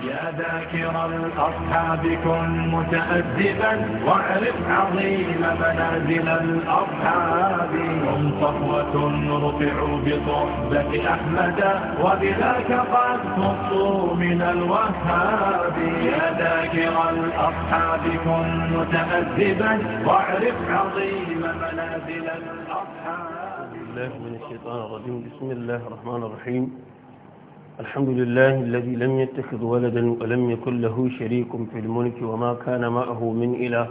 يا ذاكر الأصحاب كن متأدبا واعرف عظيم منازل الأصحاب هم صفوة رفعوا بصحبة أحمد وبذاك قد خصوا من الوهاب يا ذاكر الأصحاب كن متأدبا واعرف عظيم منازل الأصحاب بسم الله من الشيطان الرجيم بسم الله الرحمن الرحيم الحمد لله الذي لم يتخذ ولدا ولم يكن له شريك في الملك وما كان معه من إله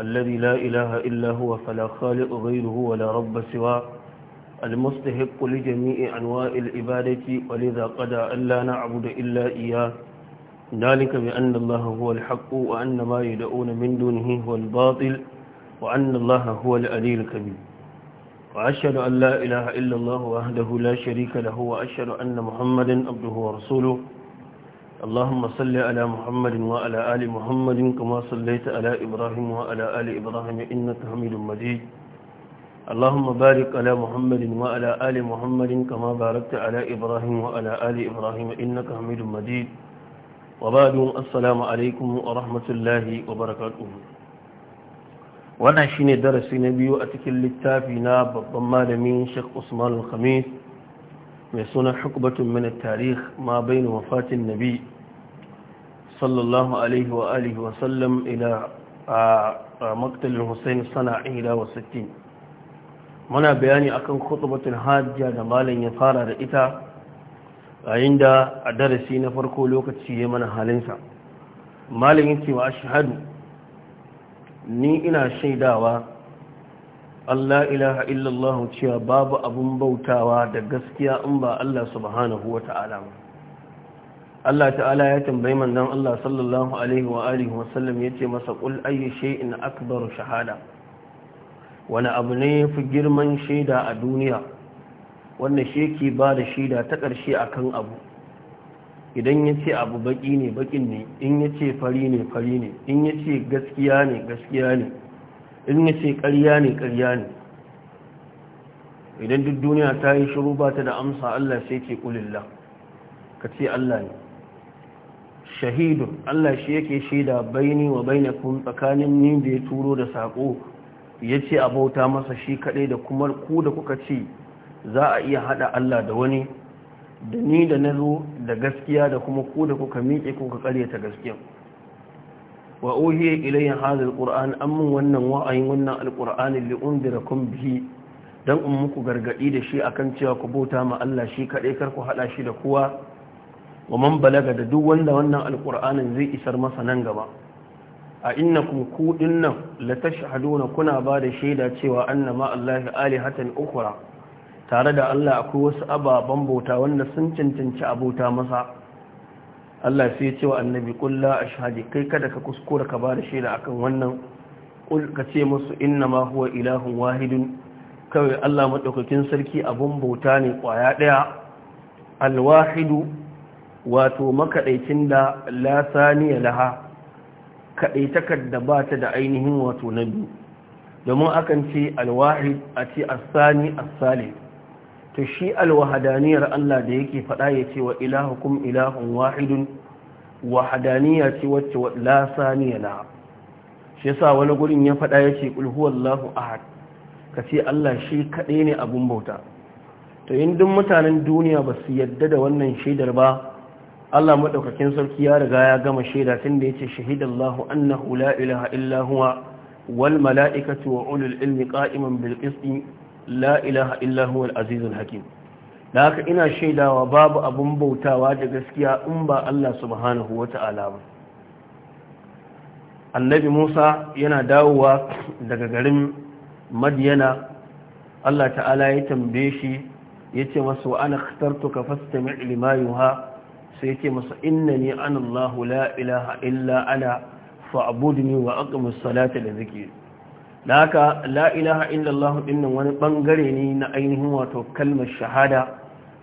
الذي لا إله إلا هو فلا خالق غيره ولا رب سواه المستحق لجميع أنواع العبادة ولذا قدى أن لا نعبد إلا إياه ذلك بأن الله هو الحق وأن ما يدعون من دونه هو الباطل وأن الله هو الألي الكبير وأشهد أن لا إله إلا الله وحده لا شريك له وأشهد أن محمدا عبده ورسوله اللهم صل على محمد وعلى آل محمد كما صليت على إبراهيم وعلى آل إبراهيم إنك حميد مجيد اللهم بارك على محمد وعلى آل محمد كما باركت على إبراهيم وعلى آل إبراهيم إنك حميد مجيد وبعد السلام عليكم ورحمة الله وبركاته wannan shine darasi na biyu a cikin littafi na babban malamin Sheikh Usman al-Khamis mai suna hukubatun min tarih ma bayan wafatin nabi sallallahu alaihi wa alihi wa sallam ila a maktalin Hussein sana'i ila wa 60 muna bayani akan khutbatul hajja da malam ya fara da ita yayin da a darasi na farko lokaci ya mana halinsa malam yace wa ni ina shaidawa Allah ilaha illallah cewa babu abun bautawa da gaskiya in ba Allah subhanahu wa ta'ala ba Allah ta'ala ya tambayi manzon Allah sallallahu alaihi wa alihi wa sallam yace masa qul ayyu shay'in akbaru shahada wani abu ne fi girman shaida a duniya wanda sheki ke ba da shaida ta ƙarshe akan abu idan ya ce abu baƙi ne bakin ne in ya ce fari ne fari ne in ya ce gaskiya ne gaskiya ne in ya ce ƙarya ne ƙarya ne idan duk duniya ta yi shiru ba ta da amsa Allah sai ce ƙulillah ka ce Allah ne shahidun Allah shi yake shaida baini wa kun tsakanin ni da ya turo da saƙo ya ce abauta masa shi kaɗai da kuma ku da kuka ce za a iya haɗa Allah da wani da ni da na zo da gaskiya da kuma ku da kuka miƙe kuka ƙaryata gaskiya wa uhiya ilayin hadhal qur'an an mun wannan wa'ayin wannan alqur'ani li kun bihi dan in muku gargadi da shi akan cewa ku bauta ma Allah shi kaɗai kar ku haɗa shi da kowa wa man balaga da duk wanda wannan alƙur'anin zai isar masa nan gaba a innakum ku dinnan la tashhaduna kuna ba da shaida cewa annama Allah alihatan ukhra tare da Allah akwai wasu ababen bauta wanda sun cancanci abota masa Allah sai ya ce wa annabi kulla ashhadu kai kada ka kuskura ka bada shaida akan wannan kul ka ce musu inna ma huwa ilahun wahidun kawai Allah madaukakin sarki abun bauta ne kwaya ɗaya, alwahidu wato makaɗaicin da la saniya laha kadaitakar da ba ta da ainihin wato na biyu domin akan ce alwahid a ce asani asali to shi alwahadaniyar Allah da yake faɗa ya ce wa ilahukum ilahun wahidun wahadaniya ce wacce la saniya la shi yasa wani gurin ya faɗa ya ce qul huwallahu ahad ka ce Allah shi kaɗai ne abun bauta to in duk mutanen duniya ba su yadda da wannan shaidar ba Allah madaukakin sarki ya riga ya gama shaida tun da yace shahidallahu annahu la ilaha illa huwa wal mala'ikatu wa ulul ilmi qa'iman bil qisti la ilaha illa huwal hakim da haka ina shaidawa babu abun bautawa da gaskiya in ba Allah subhanahu ta'ala ba annabi Musa yana dawowa daga garin Madiyana Allah ta'ala ya tambaye shi ya masa masu ana ikhtartuka fastami' lima yuha sai yace masa innani ana Allah lailaha illa ana ne wa aqimus salata da dhikri da haka La'ilaha ilaha illallah ɗinnan wani ɓangare ne na ainihin wato kalmar shahada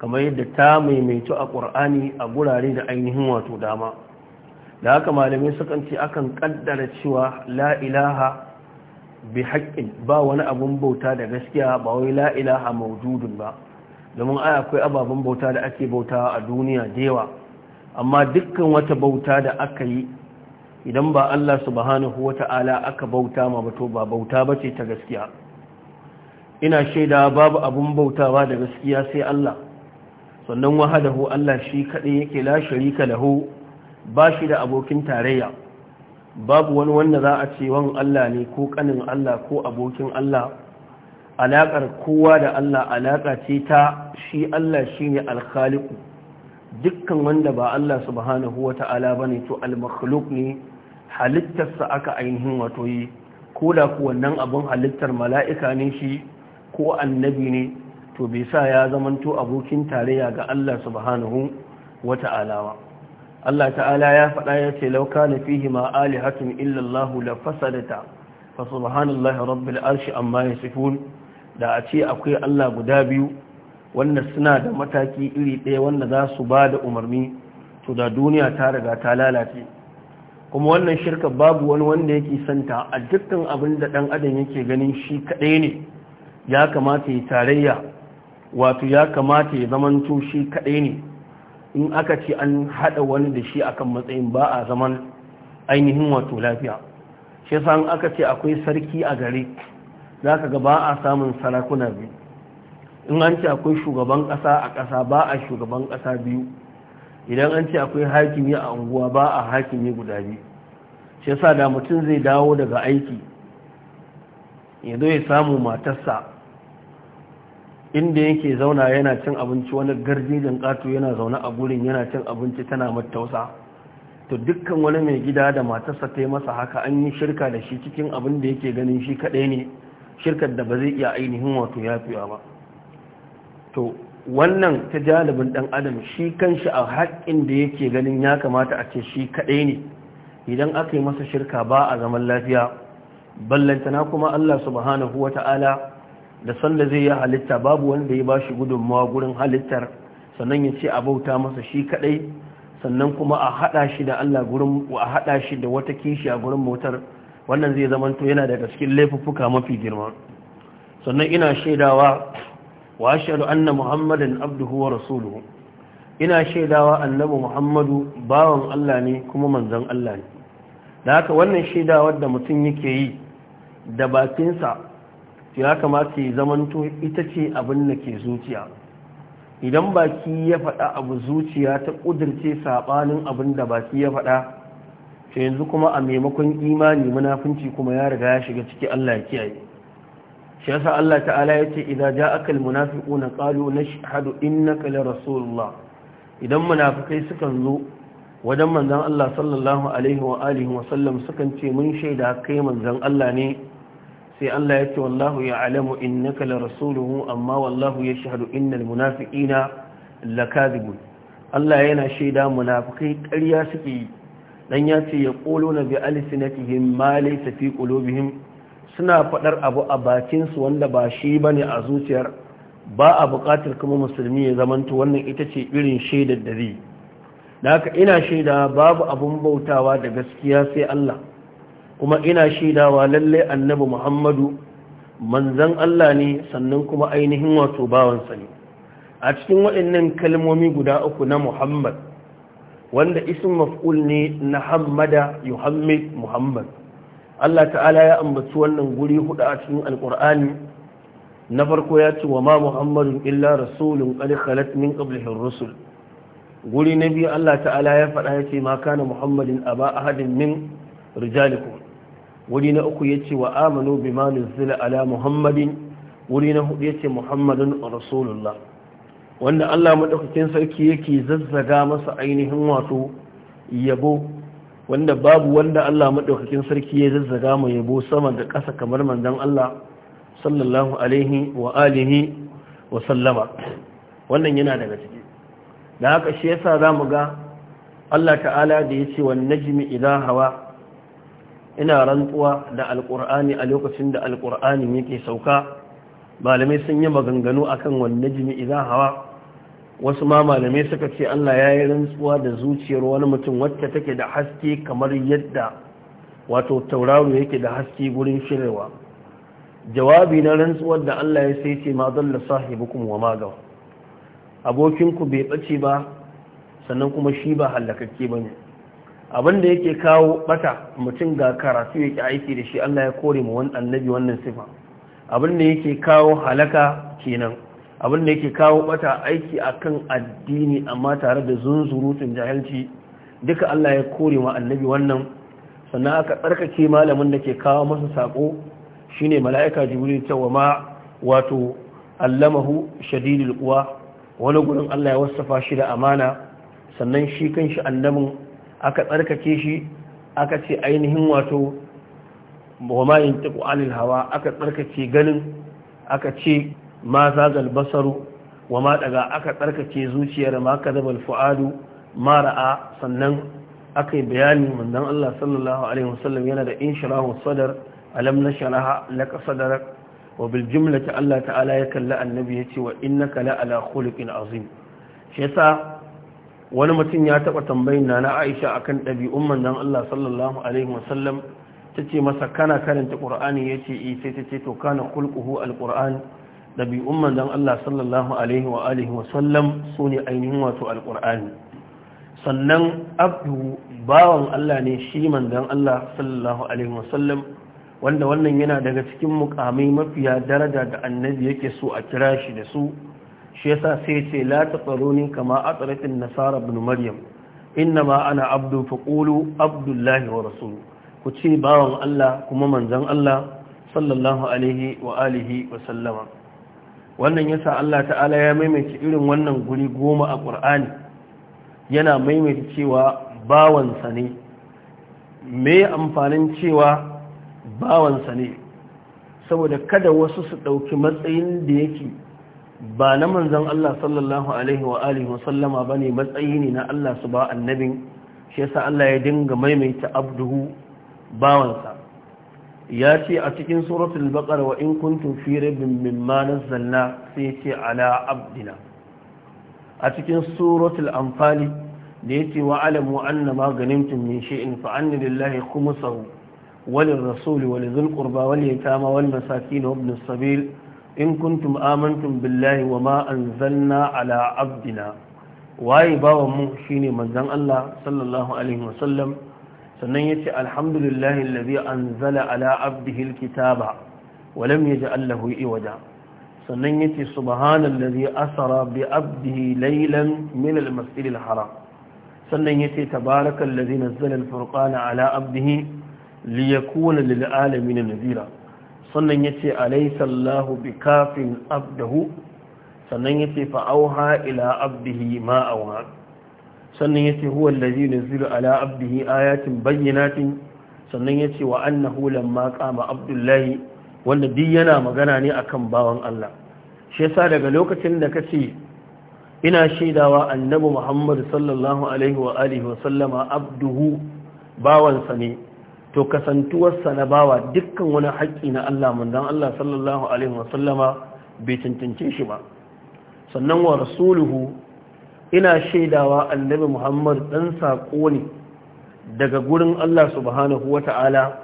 kamar yadda ta maimaitu a ƙur'ani a gurare da ainihin wato dama da haka malamai sukan ce akan kaddara cewa La'ilaha bi haƙƙin ba wani abin bauta da gaskiya ba wai La'ilaha ilaha ba domin ai akwai ababen bauta da ake bauta a duniya da yawa amma dukkan wata bauta da aka yi idan ba Allah subhanahu wata'ala aka bauta ma bato ba bauta ba ce ta gaskiya ina shaida babu abun bautawa da gaskiya sai Allah sannan wahadahu Allah shi kadai yake la sharika lahu ba shi da abokin tarayya babu wani wanda za a ce wan Allah ne ko kanin Allah ko abokin Allah Alakar kowa da Allah alaka ce ta shi Allah shi ne dukkan wanda ba Allah subhanahu wa ta'ala ba ne to ne halittarsa aka ainihin wato yi ko da ku wannan abin halittar mala'ika ne shi ko annabi ne to bai sa ya zamanto abokin tarayya ga Allah subhanahu wa ta'ala Allah ta'ala ya faɗa ya ce lauka na fihi ma alihatun illallahu la fasadata fa subhanallahi rabbil arshi amma yasifun da a ce akwai Allah guda biyu wanda suna da mataki iri ɗaya wanda za su ba da umarni to da duniya ta riga ta lalace kuma wannan shirka babu wani wanda yake santa a dukkan abin da ɗan adam yake ganin shi kaɗai ne ya kamata ya tarayya wato ya kamata ya zamanto shi kaɗai ne in aka ce an haɗa wani da shi akan matsayin ba a zaman ainihin wato lafiya shi yasa in aka ce akwai sarki a gari za ka ga ba a samun sarakuna biyu in an ce akwai shugaban ƙasa a ƙasa ba a shugaban ƙasa biyu idan an ce akwai hakimi a unguwa ba a hakimi guda biyu shi yasa da mutum zai dawo daga aiki ya zo ya samu matarsa inda yake zauna yana cin abinci wani garjejin ƙato yana zaune a gurin yana cin abinci tana matausa to dukkan wani mai gida da matarsa ta yi masa haka an yi shirka da shi cikin abin da yake ganin shi kaɗai ne shirkar da ba zai iya ainihin wato yafiya ba to wannan ta jalibin ɗan adam shi kanshi a haƙƙin da yake ganin ya kamata a ce shi kaɗai ne idan aka yi masa shirka ba a zaman lafiya ballantana kuma Allah subhanahu wa ta'ala da sanda zai yi halitta babu wanda ya ba shi gudunmawa gurin halittar sannan ya ce a bauta masa shi kaɗai sannan kuma a haɗa shi da Allah gurin a haɗa shi da wata kishi a gurin motar wannan zai zamanto yana daga cikin laifuffuka mafi girma sannan ina shaidawa wa ashhadu anna muhammadan abduhu wa rasuluhu ina shaidawa annabi muhammadu bawan Allah ne kuma manzon Allah ne da haka wannan shaidawar da mutum yake yi da bakinsa ya kamata ya zamanto ita ce abin da ke zuciya idan baki ya faɗa abu zuciya ta ƙudirce saɓanin abin da baki ya faɗa to yanzu kuma a maimakon imani munafunci kuma ya riga ya shiga ciki Allah ya kiyaye shi yasa Allah ta'ala ya ce idan na munafiquna na nashhadu innaka la rasulullah idan munafikai sukan zo wajen manzon Allah sallallahu alaihi wa alihi wa sallam sukan ce mun shaida kai manzon Allah ne sai Allah ya ce wallahu ya'lamu innaka la rasuluhu amma wallahu yashhadu innal munafiqina lakadibun Allah yana shaida munafikai ƙarya suke dan ya ce yaquluna bi alsinatihim ma laysa fi qulubihim suna faɗar abu a bakinsu wanda ba shi ba ne a zuciyar ba a buƙatar kuma musulmi ya zamanto wannan ita ce irin shaidar da zai da haka ina shaida babu abun bautawa da gaskiya sai Allah kuma ina shaidawa lalle annabi Muhammadu manzan Allah ne sannan kuma ainihin wato bawansa ne a cikin waɗannan kalmomi guda uku na Muhammad wanda ism maf'ul ne na Hammada Muhammad Muhammad Allah ta'ala ya ambaci wannan guri hudu a cikin alkur'ani na farko ya ce wa ma muhammadun illa rasulun qad khalat min qablihi rusul guri na biyu Allah ta'ala ya faɗa ya ce ma kana muhammadin aba ahadin min rijalikum wuri na uku ya ce wa amanu bima nuzila ala muhammadin guri na hudu ya ce muhammadun rasulullah wanda Allah madaukakin sarki yake zazzaga masa ainihin wato yabo wanda babu wanda Allah maɗaukakin sarki ya zazzaga mu yabo sama da ƙasa kamar manzon Allah sallallahu alaihi wa alihi wa sallama wannan yana daga ciki da haka shi yasa zamu ga Allah ta'ala da yace wan najmi idha hawa ina rantsuwa da alqur'ani a lokacin da alqur'ani yake sauka malamai sun yi maganganu akan wan najmi idha hawa wasu ma malamai suka ce Allah ya yi rantsuwa da zuciyar wani mutum wacce take da haske kamar yadda wato tauraro yake da haske gurin shirawa. jawabi na rantsuwar da Allah ya sai ce ma dalla sahibukum wa magaw abokinku bai bace ba sannan kuma shi ba halakakke bane abin da yake kawo bata mutum ga karatu yake aiki da shi Allah ya kore mu wannan annabi wannan sifa abinda yake kawo halaka kenan abin da yake kawo bata aiki akan addini amma tare da zunzurutun jahilci duka Allah ya kore wa annabi wannan sannan aka tsarkake malamin da ke kawo masa sako shine mala'ika jibril wa ma wato allamahu shadidul quwa wani gurin Allah ya wasafa shi da amana sannan shi kanshi annabin aka tsarkake shi aka ce ainihin wato wa ma yantiqu anil hawa aka tsarkake ganin aka ce ma zagal basaru wa ma daga aka tsarkake zuciyar ma kadabal fu'adu ma ra'a sannan aka yi bayani mandan Allah sallallahu alaihi wasallam yana da inshirahu sadar alam nashraha laka sadrak wa bil ta Allah ta'ala ya kalla annabi ce wa innaka la ala khuluqin azim shi yasa wani mutum ya taba tambayin na Aisha akan ɗabi'un mandan Allah sallallahu alaihi wasallam tace masa kana karanta Qur'ani yace eh sai tace to kana khulquhu al ɗabi'un manzan Allah sallallahu alaihi wa wa sallam su ne ainihin wato alƙur'ani sannan abdu bawan Allah ne shi manzan Allah sallallahu alaihi wa sallam wanda wannan yana daga cikin mukamai mafiya daraja da annabi yake so a kira shi da su shi yasa sai ce la ne kama atratin nasara ibn maryam inna ma ana abdu faqulu abdullahi wa rasulu ku ce bawan Allah kuma manzon Allah sallallahu alaihi wa alihi wa sallama wannan yasa Allah ta'ala ya maimaita irin wannan guri goma a ƙur'ani yana maimaita cewa bawansa ne me amfanin cewa bawansa ne saboda kada wasu su ɗauki matsayin da yake ba na manzan Allah sallallahu alaihi wa alihi wasallama ba ne matsayi ne na Allah su ba annabin shi yasa Allah ya dinga maimaita abduhu bawansa ya ce a cikin suratul baqara wa in kuntum fi raibin mimma nazzalna sai ce ala abdina a cikin suratul anfali da yace wa alamu anna ma ganimtum min shay'in fa anna lillahi khumsahu wa lirrasuli wa lidhil qurba wal yatama wal masakin wa ibn sabil in kuntum amantum billahi wa ma anzalna ala abdina waye bawan mu shine manzon Allah sallallahu alaihi sallam. sannan ya ce alhamdulillahi lalazi an zala ala abdihil kitaba walam ya ji allahu iwada sannan ya ce subhanan lalazi asara bi abdihi lailan min almasjidil haram sannan ya ce tabarakan lalazi nazzala alfurqana ala abdihi liyakuna lil'alamin nazira sannan ya ce alaysa allahu bikafin abdahu sannan ya ce fa'auha ila abdihi ma sannan yace huwa allazi yunzilu ala abdihi ayatin bayyinatin sannan yace wa annahu lamma qama abdullahi wanda duk yana magana ne akan bawan Allah shi yasa daga lokacin da kace ina shaidawa annabi Muhammad sallallahu alaihi wa alihi wa sallama abduhu bawansa ne to kasantuwarsa na bawa dukkan wani haƙƙi na Allah manzon Allah sallallahu alaihi wa sallama bai cancance shi ba sannan wa rasuluhu ina shaidawa annabi muhammad ɗan saƙo ne daga gurin allah subhanahu wa ta'ala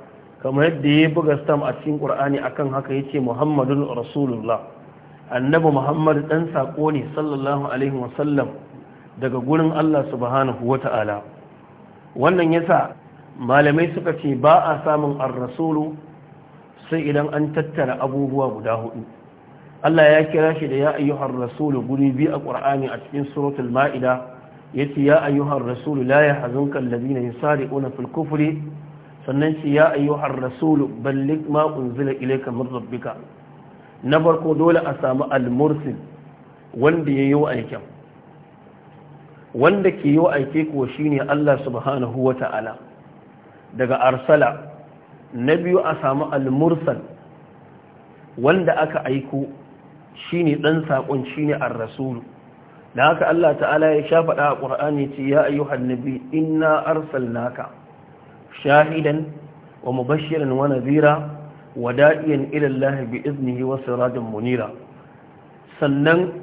kamar yadda ya buga stam a cikin ƙur'ani akan haka ya ce muhammadun rasulullah annabi muhammad ɗan saƙo ne sallallahu alaihi wasallam daga gurin allah subhanahu wa ta'ala wannan yasa malamai suka ce ba a samun ar-rasulu sai idan an tattara abubuwa guda hudu Allah ya kira shi da ya ayyuhar rasulu guri biyu a ƙur'ani a cikin suratul ma'ida yace ya ayyuhar rasulu la yahzunka alladhina yusari'una fil kufri sannan ce ya ayyuhar rasulu balligh ma unzila ilayka min rabbika na farko dole a samu al wanda ya yi aikin wanda ke yi wa aike kuwa shine Allah subhanahu ta'ala) daga arsala na biyu a samu al wanda aka aiko shine saƙon shi ne ar-rasul da haka Allah ta'ala ya sha faɗa a Qur'ani ce ya ayyuhan nabi inna naka. shahidan wa mubashiran wa nadhira wa da'iyan ila bi iznihi wa sirajan munira sannan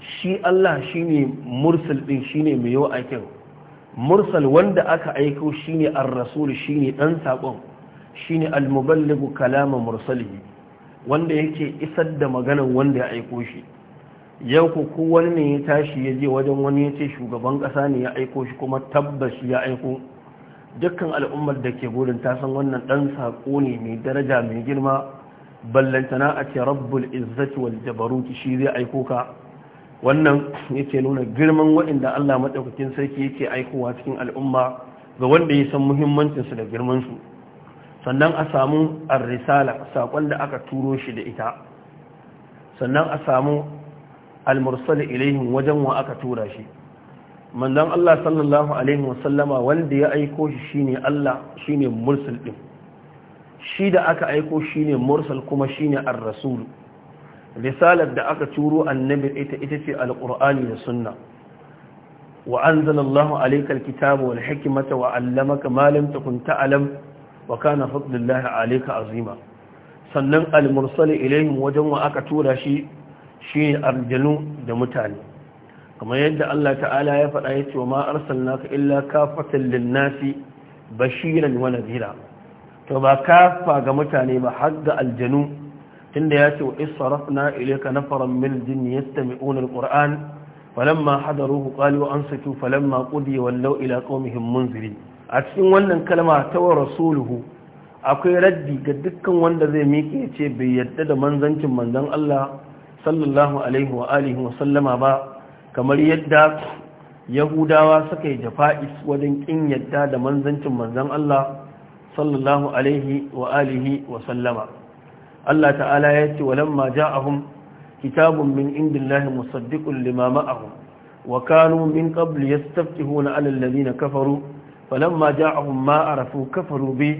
shi Allah shine mursil din ne mai yau aikin mursal wanda aka aiko shine ar-rasul shine ɗan sakon shine al-muballighu kalama mursalihi wanda yake isar da maganan wanda ya aiko shi yau ku ko wani ne ya tashi ya je wajen wani ya ce shugaban kasa ne ya aiko shi kuma tabbas ya aiko dukkan al'ummar da ke gudun ta san wannan dan saƙo ne mai daraja mai girma ballantana a ce rabbul izzati wal jabaruti shi zai aiko ka wannan yake nuna girman waɗanda Allah madaukakin sarki yake aikowa cikin al'umma ga wanda ya san muhimmancin su da girman su sannan a samu al risala sakon da aka turo shi da ita sannan a samu al-mursal ilaihim wajen wa aka tura shi manzon Allah sallallahu alaihi wasallama wanda ya aiko shi shine Allah shine Mursal din shi da aka aiko shine mursal kuma shine ar-rasul risalar da aka turo annabi ita ita ce alqur'ani da sunna wa anzalallahu alaykal kitaba wal hikmata wa allamaka ma lam takun ta'lam wa kana fadlullahi alayka azima sannan al-mursal ilayhim wajen wa aka tura shi shine arjanu da mutane kamar yadda Allah ta'ala ya faɗa ya wa ma arsalnaka illa kafatan lin-nasi bashiran wa nadhira to ba kafa ga mutane ba har aljanu tunda ya ce wa israfna ilayka nafaran min al-jinni yastami'una al-qur'an falamma hadaruhu qalu ansitu falamma qudiya wallaw ila qaumihim munzirin a cikin wannan kalma ta wa rasuluhu akwai raddi ga dukkan wanda zai miƙe ce bai yadda da manzancin manzan Allah sallallahu alaihi wa alihi wa sallama ba kamar yadda yahudawa suka yi jafa'is wajen kin yadda da manzancin manzan Allah sallallahu alaihi wa alihi wa sallama Allah ta'ala ya ce walamma ja'ahum kitabun min indillahi musaddiqun lima ma'ahum wa kanu min qabl yastafihuna 'ala alladhina kafaru falamma ja'ahum ma arafu kafaru bi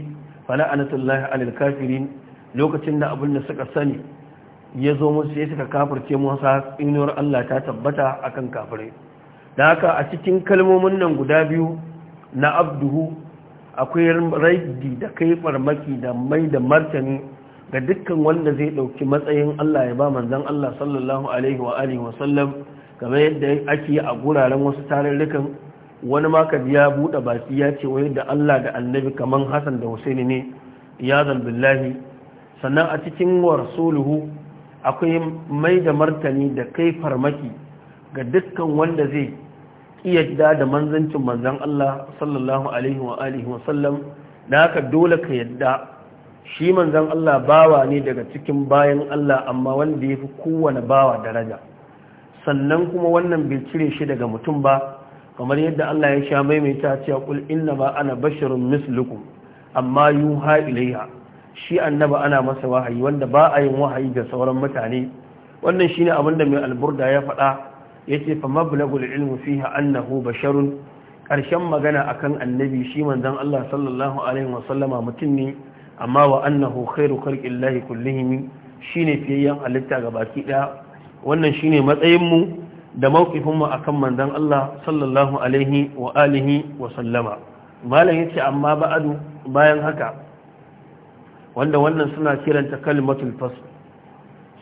fala'anatullahi alal kafirin lokacin da abin da suka sani ya zo musu ya suka kafirce musa inuwar Allah ta tabbata akan kafirai da haka a cikin kalmomin nan guda biyu na abduhu akwai raidi da kai farmaki da mai da martani ga dukkan wanda zai ɗauki matsayin Allah ya ba manzan Allah sallallahu alaihi wa alihi wa sallam game yadda ake a guraren wasu tarurrukan wani maka ya buɗe baki ya ce wai da Allah da annabi kamar Hassan da hussein ne ya zalbillahi sannan a cikin wa akwai mai da martani da kai farmaki ga dukkan wanda zai yadda da manzancin manzan Allah sallallahu alaihi wa alihi wa sallam da haka dole ka yadda shi manzan Allah bawa ne daga cikin bayan Allah amma wanda ya fi kowane bawa daraja sannan kuma wannan bai cire shi daga mutum ba kamar yadda Allah ya sha maimaita cewa kul inna ma ana basharun mislukum amma yuha ilayya shi annaba ana masa wahayi wanda ba a yin wahayi ga sauran mutane wannan shine abin da mai alburda ya faɗa yace fa mablagul ilmi fiha annahu basharun karshen magana akan annabi shi manzon Allah sallallahu alaihi wasallama mutum ne amma wa annahu khairu khalqillahi kullihim shine fiyayyan halitta ga baki ɗaya wannan shine matsayin mu da mawkifin mu akan manzon Allah sallallahu Alaihi wa alihi wa sallama malam yace amma ba'adu bayan haka wanda wannan suna kiranta kalmatul fasl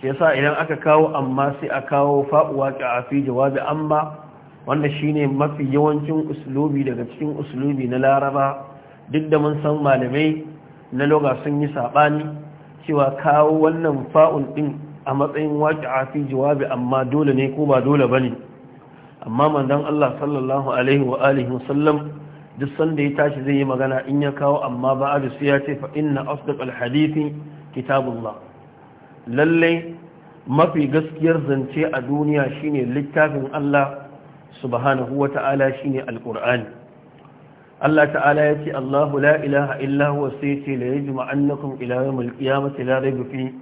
shi yasa idan aka kawo amma sai a kawo fa'uwa ka fi jawabi amma wanda shine mafi yawancin uslubi daga cikin uslubi na laraba duk da mun san malamai na loga sun yi sabani cewa kawo wannan fa'un din a matsayin waƙi'a fi jawabi amma dole ne ko ba dole bane amma manzon Allah sallallahu alaihi wa alihi wasallam duk sanda ya tashi zai yi magana in ya kawo amma ba a su ya ce fa inna asdaqal hadithi kitabullah lalle mafi gaskiyar zance a duniya shine littafin Allah subhanahu wata'ala shine alqur'ani Allah ta'ala ya ce Allahu la ilaha illa huwa sayyidi la yajma'annakum ila yawmil qiyamati la rayba fihi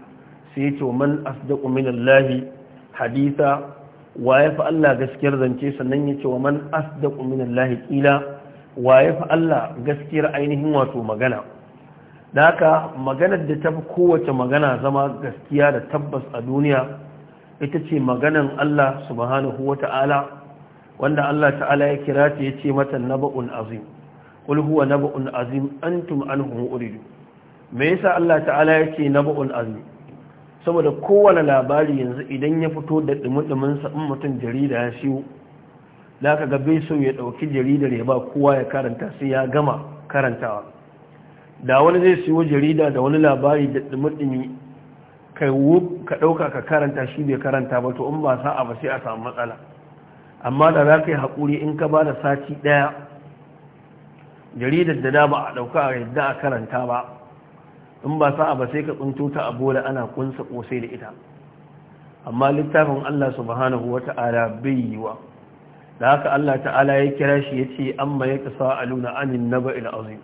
sai ce wa man asdaqu min haditha wa fa Allah gaskiyar zance sannan ya ce wa man asdaqu min Allah qila wa fa Allah gaskiyar ainihin wato magana da haka maganar da ta fi kowace magana zama gaskiya da tabbas a duniya ita ce maganan Allah subhanahu wata'ala wanda Allah ta'ala ya kira ta yace mata naba'un azim kul huwa naba'un azim antum anhu uridu me yasa Allah ta'ala yace naba'un azim saboda kowane labari yanzu idan ya fito da dumudumin sa in mutum jarida ya siyo da aka gabe so ya ɗauki jaridar ya ba kowa ya karanta sai ya gama karantawa da wani zai siyo jarida da wani labari da dumudumi kai ka ɗauka ka karanta shi bai karanta ba to in ba a ba sai a samu matsala amma da za ka yi haƙuri in ka ba da sati ɗaya jaridar da da ba a ɗauka a yadda a karanta ba in ba sa'a ba sai ka tsinto ta da ana kunsa kosai da ita amma littafin Allah subhanahu wata'ala bai yiwa da haka Allah ta'ala ya kira shi ya ce amma ya kasa luna anin naba ila azim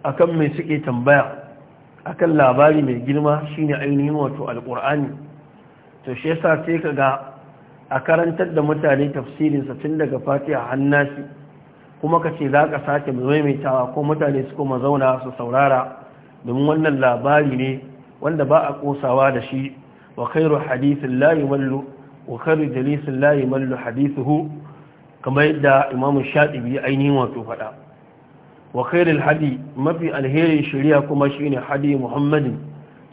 kan mai suke tambaya akan labari mai girma shine ainihin wato alqur'ani to shi yasa sai ka ga a karantar da mutane tafsirinsa tun daga a hannasi kuma ka ce za ka sake maimaitawa ko mutane su kuma zauna su saurara domin wannan labari ne wanda ba a kosawa da shi wa khairu hadithin la yumallu wa khairu jalisin la yumallu hadithuhu kamar yadda imamu shatibi ainihin wato fada wa khairul hadi mafi alherin shari'a kuma shi ne hadi muhammadin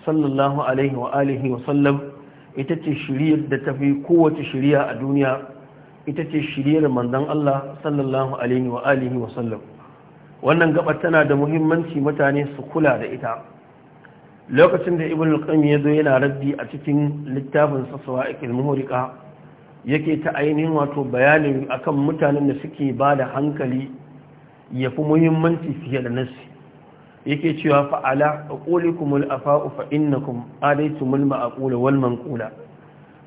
sallallahu alaihi wa alihi wa sallam ita ce shari'ar da ta fi kowace shari'a a duniya ita ce shari'ar manzon Allah sallallahu alaihi wa alihi wa sallam wannan gabar tana da muhimmanci mutane su kula da ita lokacin da ibn al-qayyim ya zo yana raddi a cikin littafin sasawa sawa'iqul muhriqa yake ta ainihin wato bayanin akan mutanen da suke ba da hankali yafi muhimmanci fiye da nasi yake cewa fa'ala aqulikumul afa'u fa innakum adaytumul ma'qula wal manqula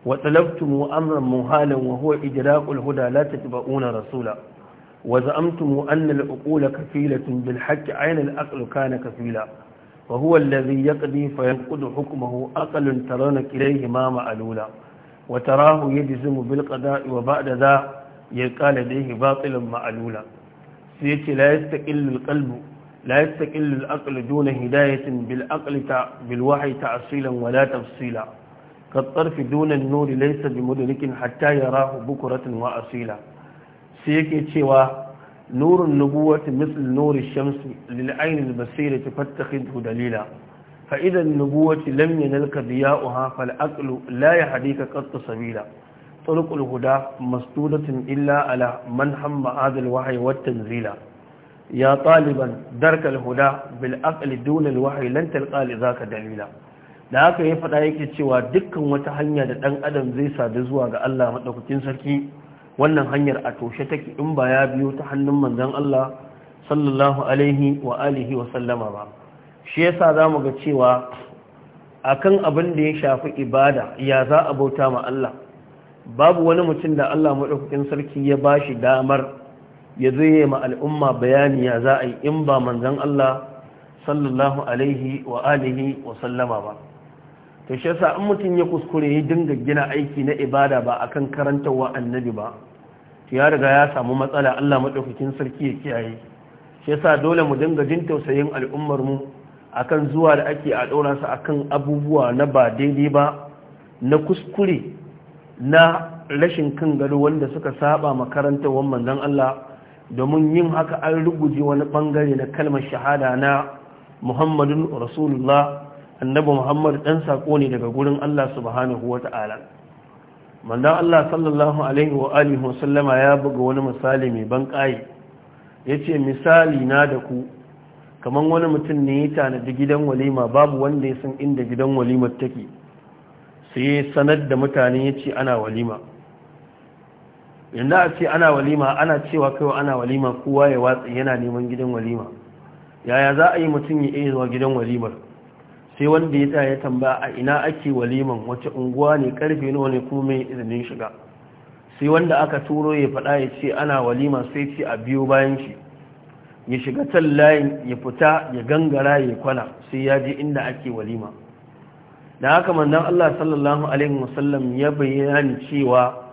wa talabtum amran muhalan wa huwa ijra'ul huda la tatba'una rasula وزعمتم أن العقول كفيلة بالحج عين الأقل كان كفيلا وهو الذي يقضي فينقض حكمه أقل ترون إليه ما معلولا وتراه يجزم بالقضاء وبعد ذا يلقى لديه باطلا معلولا سيك لا يستقل القلب لا يستقل الأقل دون هداية بالأقل بالوحي تعصيلا ولا تفصيلا كالطرف دون النور ليس بمدرك حتى يراه بكرة وأصيلا sai yake cewa nurun nubuwati misl nuri shamsi lil ainil basirati fattakhidhu dalila fa idan nubuwati lam yanalka diya'uha fal aqlu la yahdika qatta sabila ala man hamma إلا wahyi wat tanzila ya taliban والتنزيل يا طالبا درك الهدى بالأقل دون الوحي لن تلقى zaka dalila. da haka ya faɗa yake cewa dukkan wata hanya da ɗan adam zai sadu zuwa ga Allah maɗaukakin sarki wannan hanyar a toshe take in ba ya biyo ta hannun manzan Allah sallallahu alaihi wa alihi wa sallama ba shi yasa zamu ga cewa akan abin da ya shafi ibada ya za a bauta ma Allah babu wani mutum da Allah madaukakin sarki ya bashi damar ya zo yi ma al'umma bayani ya za a yi in ba manzon Allah sallallahu alaihi wa alihi wa sallama ba to shi yasa in mutum ya kuskure ya dinga gina aiki na ibada ba akan karantarwa annabi ba to ya riga ya samu matsala Allah madaukakin sarki ya kiyaye shi yasa dole mu dinga jin tausayin al'ummar mu akan zuwa da ake a daura su akan abubuwa na ba daidai ba na kuskure na rashin kan gado wanda suka saba makarantar manzon Allah domin yin haka an ruguje wani bangare na kalmar shahada na Muhammadun Rasulullah annabi muhammad dan sako ne daga gurin allah subhanahu Ta'ala. mandan allah sallallahu alaihi wa alihi wasallama ya buga wani misali mai ban ƙaye ya ce misali na da ku kamar wani mutum ne ya tanadi gidan walima babu wanda ya san inda gidan walimar take sai ya sanar da mutane ya ce ana walima yanzu a ce ana walima ana cewa kawai ana walima kowa ya watsa yana neman gidan walima yaya za a yi mutum ya iya zuwa gidan walimar sai wanda ya tsaya ya tambaya a ina ake waliman wace unguwa ne karfe nawa ne kuma mai izinin shiga sai wanda aka turo ya faɗa ya ce ana walima sai ce a biyo bayan shi ya shiga can ya fita ya gangara ya kwana sai ya je inda ake walima da haka manzon Allah sallallahu alaihi wasallam ya bayyana cewa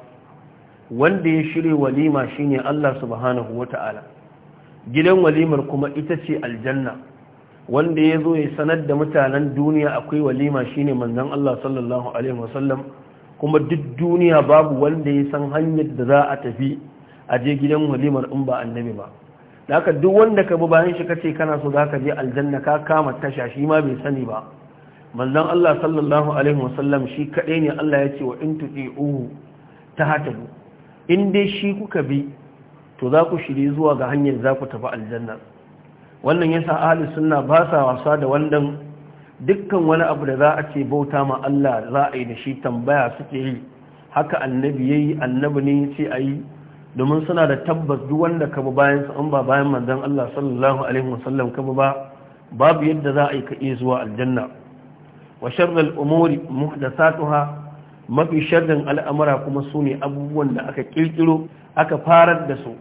wanda ya shirye walima shine Allah subhanahu wataala gidan walimar kuma ita ce aljanna wanda ya zo ya sanar da mutanen duniya akwai walima shine manzon Allah sallallahu alaihi wasallam kuma duk duniya babu wanda ya san hanyar da za a tafi a je gidan walimar in ba annabi ba haka duk wanda ka bi bayan shi kace kana so zaka je aljanna ka kama tasha shi ma bai sani ba manzon Allah sallallahu alaihi wasallam shi kadai ne Allah ya ce wa in tuti'u tahtadu in dai shi kuka bi to za ku shiri zuwa ga hanyar za ku tafi aljanna wannan yasa ahli sunna ba sa wasa da wannan dukkan wani abu da za a ce bauta ma Allah za a yi da shi tambaya suke yi haka annabi yayi annabi ne ce ayi domin suna da tabbas duk wanda ka ba bayan su an ba bayan manzon Allah sallallahu alaihi wasallam ka ba babu yadda za a yi ka iya zuwa aljanna wa sharral umuri muhdathatuha mafi sharrin al'amura kuma su ne abubuwan da aka ƙirƙiro aka farar da su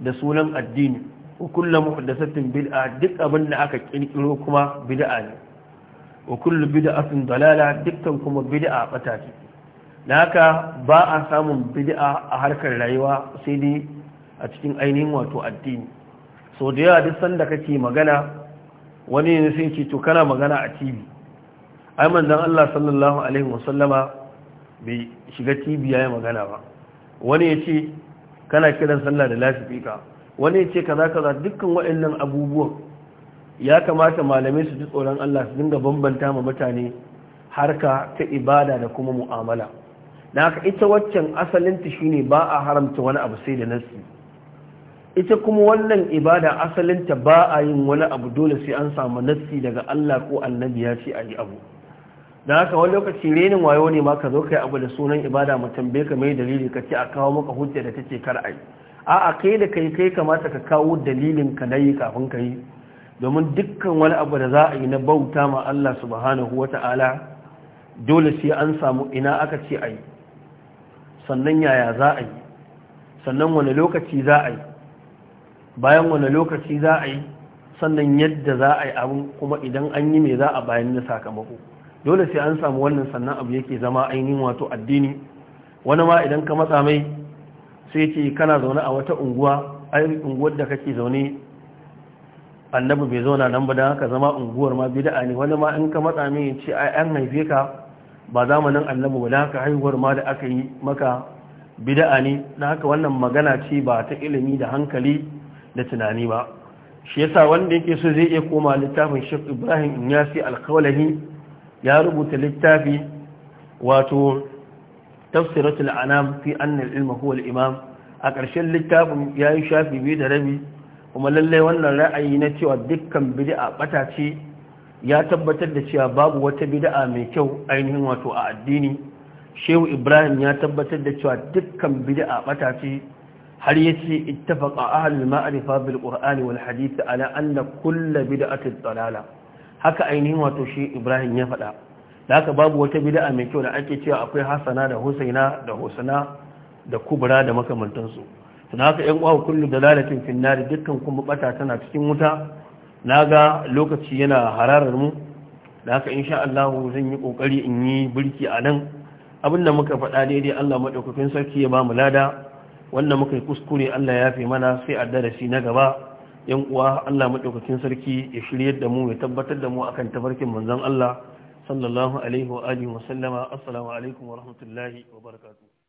da sunan addini kullum muhaddasatin bid'a duk abin da aka kirkiro kuma bid'a ne wa kullu bid'atin dalala dukkan kuma bid'a bata ce haka ba a samun bid'a a harkar rayuwa sai dai a cikin ainihin wato addini so da yawa duk sanda kake magana wani ne sai ce to kana magana a TV ai manzon Allah sallallahu alaihi bai shiga TV yayin magana ba wani ya ce kana kiran sallah da lafiya wani ya ce kaza kaza dukkan waɗannan abubuwan ya kamata malamai su ji tsoron Allah su dinga bambanta ma mutane harka ta ibada da kuma mu'amala na haka ita waccan asalinta shine ba a haramta wani abu sai da nasi ita kuma wannan ibada asalinta ba a yin wani abu dole sai an samu nasi daga Allah ko annabi ya ce a yi abu da haka wani lokaci renin wayo ne ma ka zo ka yi abu da sunan ibada mu tambaye ka mai dalili ka ce a kawo maka hujja da take kar a yi a'a kai da kai kai kamata ka kawo dalilin ka na yi kafin ka yi domin dukkan wani abu da za a yi na bauta ma Allah subhanahu wa Ta'ala dole sai an samu ina aka ce a yi sannan yaya za a yi sannan wani lokaci za a yi bayan wani lokaci za a yi sannan yadda za a yi abin kuma idan an yi mai za a bayan na sakamako dole sai an samu wannan sannan abu yake zama ainihin wato addini wani ma idan ka matsa mai sai ce kana zaune a wata unguwa ai unguwar da kake zaune annabi bai zauna nan ba don haka zama unguwar ma bid'a ne wani ma in ka matsa min ce a yan haife ka ba zamanin annabi ba haka haihuwar ma da aka yi maka bid'a ne na haka wannan magana ce ba ta ilimi da hankali da tunani ba shi yasa wanda yake so zai iya koma littafin shek Ibrahim in al ya rubuta littafi wato tafsiratul anam fi anna al-ilma huwa imam a ƙarshen littafin yayi shafi biyu da rabi kuma lallai wannan ra'ayi na cewa dukkan bid'a bata ce ya tabbatar da cewa babu wata bida'a mai kyau ainihin wato a addini shehu ibrahim ya tabbatar da cewa dukkan bid'a bata ce har yace ittafaqa ahlul ma'rifa bil qur'ani wal hadith ala anna kull bid'atin dalala haka ainihin wato shi ibrahim ya faɗa da haka babu wata bid'a mai kyau da ake cewa akwai hasana da husaina da husana da kubra da makamantansu to haka yan uwa kullu dalalatin finnari dukkan kuma bata tana cikin wuta naga lokaci yana hararar mu da haka insha Allah zan yi kokari in yi birki a nan abinda muka faɗa daidai Allah madaukakin sarki ya ba mu lada wanda muka yi kuskure Allah ya fi mana sai a darasi na gaba yan uwa Allah madaukakin sarki ya shiryar da mu ya tabbatar da mu akan tabarkin manzon Allah sallallahu alaihi wa alihi wa sallama assalamu alaikum wa rahmatullahi wa barakatuh